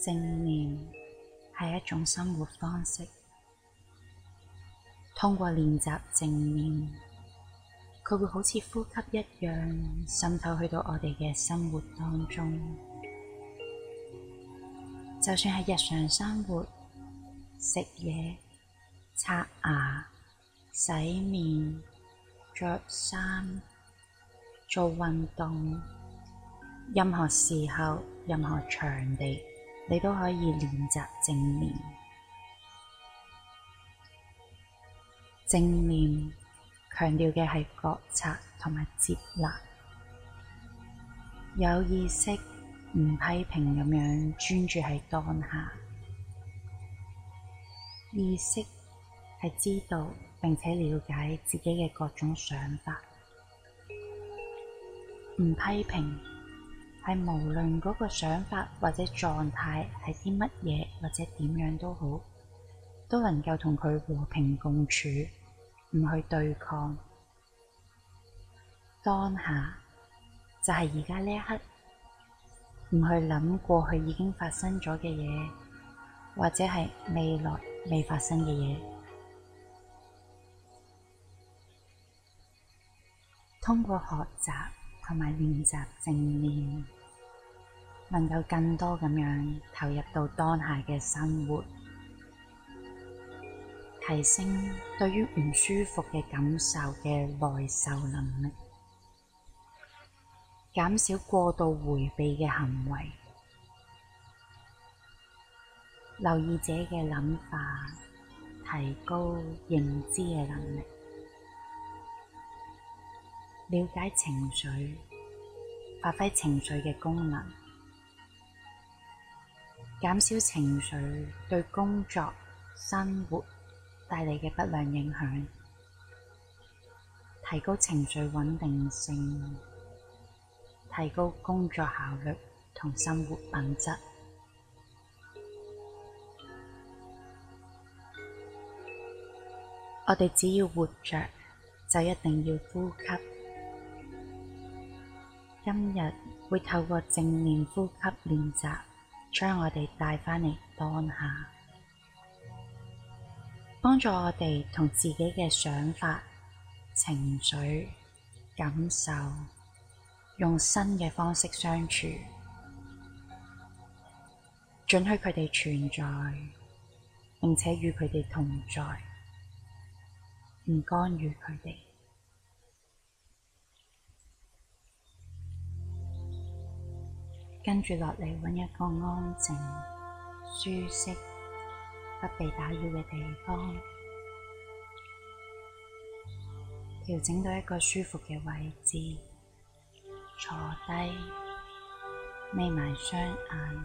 正念係一種生活方式。通過練習正念，佢會好似呼吸一樣滲透去到我哋嘅生活當中。就算係日常生活、食嘢、刷牙、洗面、着衫、做運動，任何時候、任何場地。你都可以練習正念，正念強調嘅係覺察同埋接納，有意識，唔批評咁樣專注喺當下，意識係知道並且了解自己嘅各種想法，唔批評。係無論嗰個想法或者狀態係啲乜嘢或者點樣都好，都能夠同佢和平共處，唔去對抗。當下，就係而家呢一刻，唔去諗過去已經發生咗嘅嘢，或者係未來未發生嘅嘢，通過學習。同埋練習正念，能夠更多咁樣投入到當下嘅生活，提升對於唔舒服嘅感受嘅耐受能力，減少過度回避嘅行為，留意自己嘅諗法，提高認知嘅能力。了解情緒，發揮情緒嘅功能，減少情緒對工作、生活帶嚟嘅不良影響，提高情緒穩定性，提高工作效率同生活品質。我哋只要活着，就一定要呼吸。今日會透過正念呼吸練習，將我哋帶返嚟當下，幫助我哋同自己嘅想法、情緒、感受，用新嘅方式相處，准許佢哋存在，並且與佢哋同在，唔干預佢哋。跟住落嚟，揾一個安靜、舒適、不被打擾嘅地方，調整到一個舒服嘅位置，坐低，眯埋雙眼，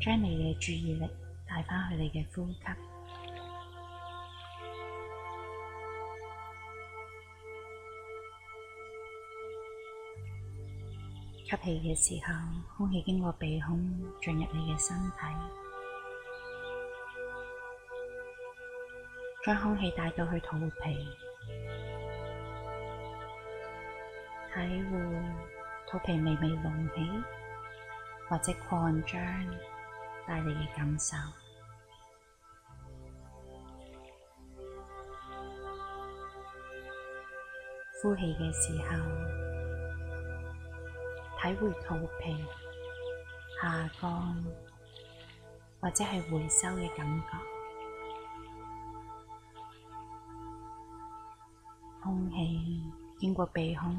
將你嘅注意力帶返去你嘅呼吸。吸氣嘅時候，空氣經過鼻孔進入你嘅身體，將空氣帶到去肚皮，體會肚皮微微隆起或者擴張帶嚟嘅感受。呼氣嘅時候。體會肚皮下降或者係回收嘅感覺，空氣經過鼻孔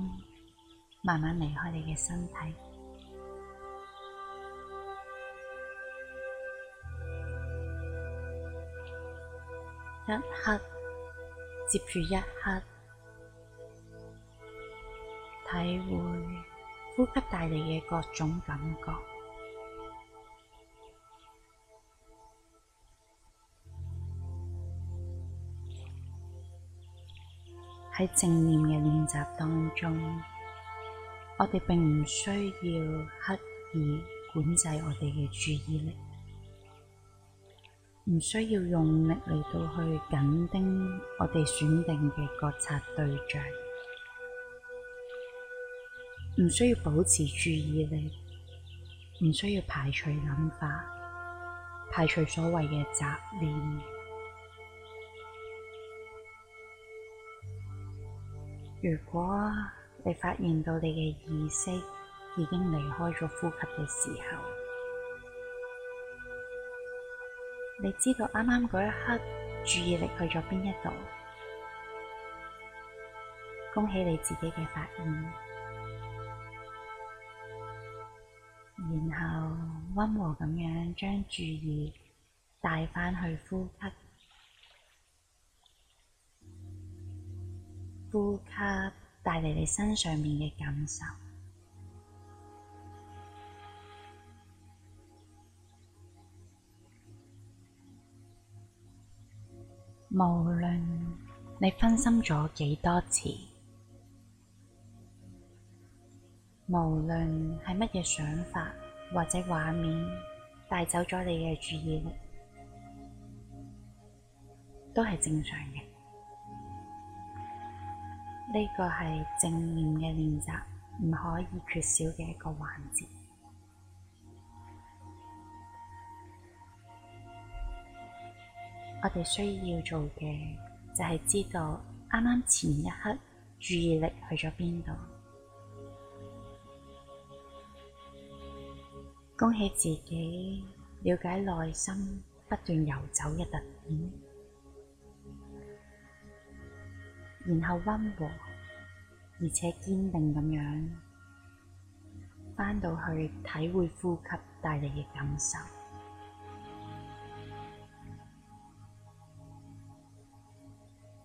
慢慢離開你嘅身體，一刻接住一刻體會。呼吸帶嚟嘅各種感覺，喺正念嘅練習當中，我哋並唔需要刻意管制我哋嘅注意力，唔需要用力嚟到去緊盯我哋選定嘅覺察對象。唔需要保持注意力，唔需要排除諗法，排除所謂嘅雜念。如果你發現到你嘅意識已經離開咗呼吸嘅時候，你知道啱啱嗰一刻注意力去咗邊一度，恭喜你自己嘅發現。然後溫和咁樣將注意帶返去呼吸，呼吸帶嚟你身上面嘅感受，無論你分心咗幾多次，無論係乜嘢想法。或者畫面帶走咗你嘅注意力，都係正常嘅。呢個係正念嘅練習，唔可以缺少嘅一個環節。我哋需要做嘅就係知道啱啱前一刻注意力去咗邊度。恭喜自己，了解內心不斷遊走嘅特點，然後溫和而且堅定咁樣返到去體會呼吸帶嚟嘅感受。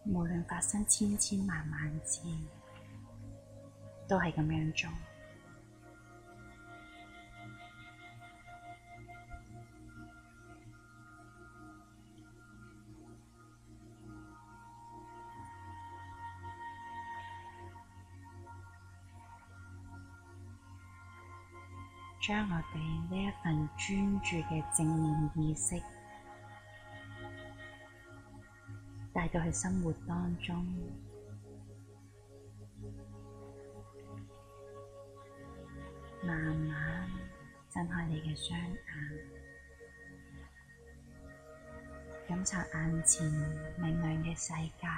無論發生千千萬萬次，都係咁樣做。將我哋呢一份專注嘅正念意識帶到去生活當中，慢慢睜開你嘅雙眼，感受眼前明亮嘅世界。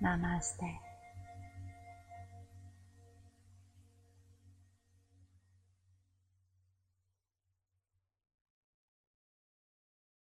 慢慢。Namaste